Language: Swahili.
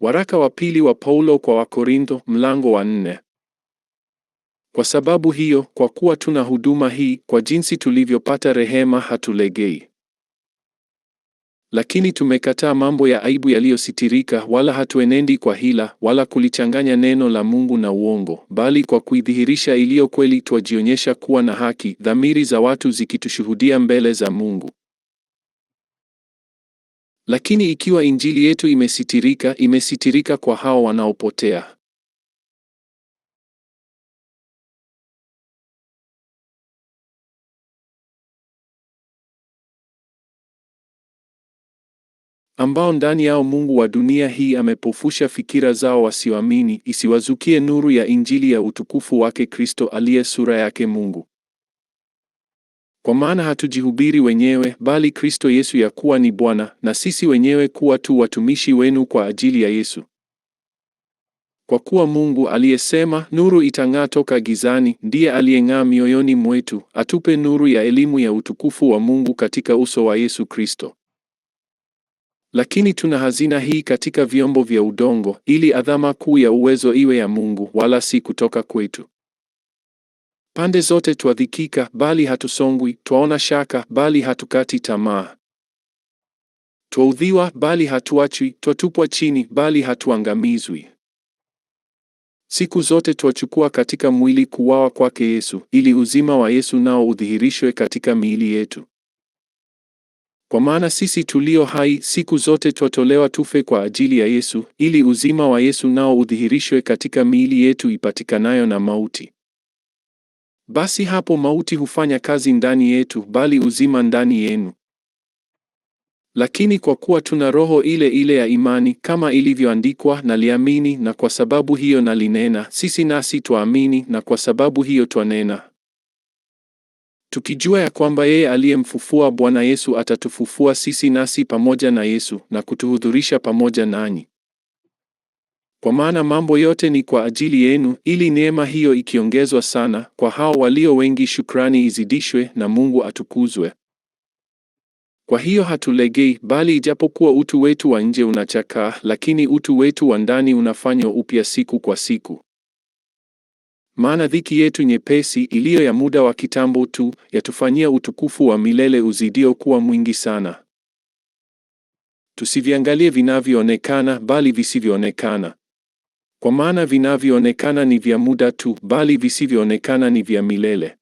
Waraka wa pili wa Paulo kwa Wakorintho mlango wa nne. Kwa sababu hiyo, kwa kuwa tuna huduma hii, kwa jinsi tulivyopata rehema, hatulegei. Lakini tumekataa mambo ya aibu yaliyositirika, wala hatuenendi kwa hila, wala kulichanganya neno la Mungu na uongo, bali kwa kuidhihirisha iliyo kweli, twajionyesha kuwa na haki, dhamiri za watu zikitushuhudia mbele za Mungu. Lakini ikiwa injili yetu imesitirika, imesitirika kwa hao wanaopotea. ambao ndani yao Mungu wa dunia hii amepofusha fikira zao wasioamini, isiwazukie nuru ya injili ya utukufu wake Kristo aliye sura yake Mungu. Kwa maana hatujihubiri wenyewe, bali Kristo Yesu ya kuwa ni Bwana, na sisi wenyewe kuwa tu watumishi wenu kwa ajili ya Yesu. Kwa kuwa Mungu aliyesema nuru itang'aa toka gizani, ndiye aliyeng'aa mioyoni mwetu, atupe nuru ya elimu ya utukufu wa Mungu katika uso wa Yesu Kristo. Lakini tuna hazina hii katika vyombo vya udongo, ili adhama kuu ya uwezo iwe ya Mungu, wala si kutoka kwetu. Pande zote twadhikika, bali hatusongwi; twaona shaka, bali hatukati tamaa; twaudhiwa, bali hatuachwi; twatupwa chini, bali hatuangamizwi. Siku zote twachukua katika mwili kuwawa kwake Yesu, ili uzima wa Yesu nao udhihirishwe katika miili yetu. Kwa maana sisi tulio hai siku zote twatolewa tufe kwa ajili ya Yesu, ili uzima wa Yesu nao udhihirishwe katika miili yetu ipatikanayo na mauti. Basi hapo mauti hufanya kazi ndani yetu, bali uzima ndani yenu. Lakini kwa kuwa tuna roho ile ile ya imani, kama ilivyoandikwa, naliamini na kwa sababu hiyo nalinena, sisi nasi twaamini na kwa sababu hiyo twanena, tukijua ya kwamba yeye aliyemfufua Bwana Yesu atatufufua sisi nasi pamoja na Yesu na kutuhudhurisha pamoja nanyi. Kwa maana mambo yote ni kwa ajili yenu, ili neema hiyo ikiongezwa sana kwa hao walio wengi, shukrani izidishwe na Mungu atukuzwe. Kwa hiyo hatulegei, bali ijapokuwa utu wetu wa nje unachakaa, lakini utu wetu wa ndani unafanywa upya siku kwa siku. Maana dhiki yetu nyepesi iliyo ya muda wa kitambo tu yatufanyia utukufu wa milele uzidio kuwa mwingi sana. Tusiviangalie vinavyoonekana, bali visivyoonekana. Kwa maana vinavyoonekana ni vya muda tu, bali visivyoonekana ni vya milele.